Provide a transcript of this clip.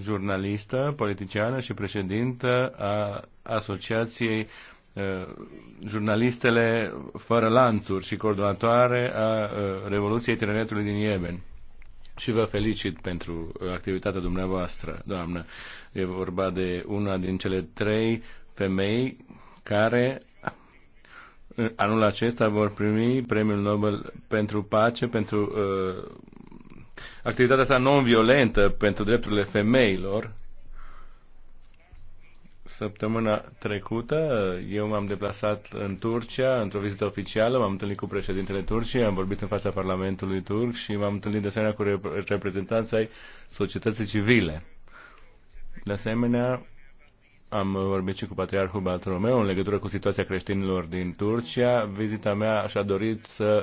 jurnalistă, politiciană și președintă a Asociației uh, Jurnalistele Fără Lanțuri și coordonatoare a uh, Revoluției Tineretului din Yemen. Și vă felicit pentru activitatea dumneavoastră, doamnă. E vorba de una din cele trei femei care uh, anul acesta vor primi Premiul Nobel pentru Pace, pentru uh, activitatea sa non-violentă pentru drepturile femeilor. Săptămâna trecută eu m-am deplasat în Turcia într-o vizită oficială, m-am întâlnit cu președintele Turciei, am vorbit în fața Parlamentului turc și m-am întâlnit de asemenea cu reprezentanții ai societății civile. De asemenea, am vorbit și cu Patriarhul Bartolomeu în legătură cu situația creștinilor din Turcia. Vizita mea și-a dorit să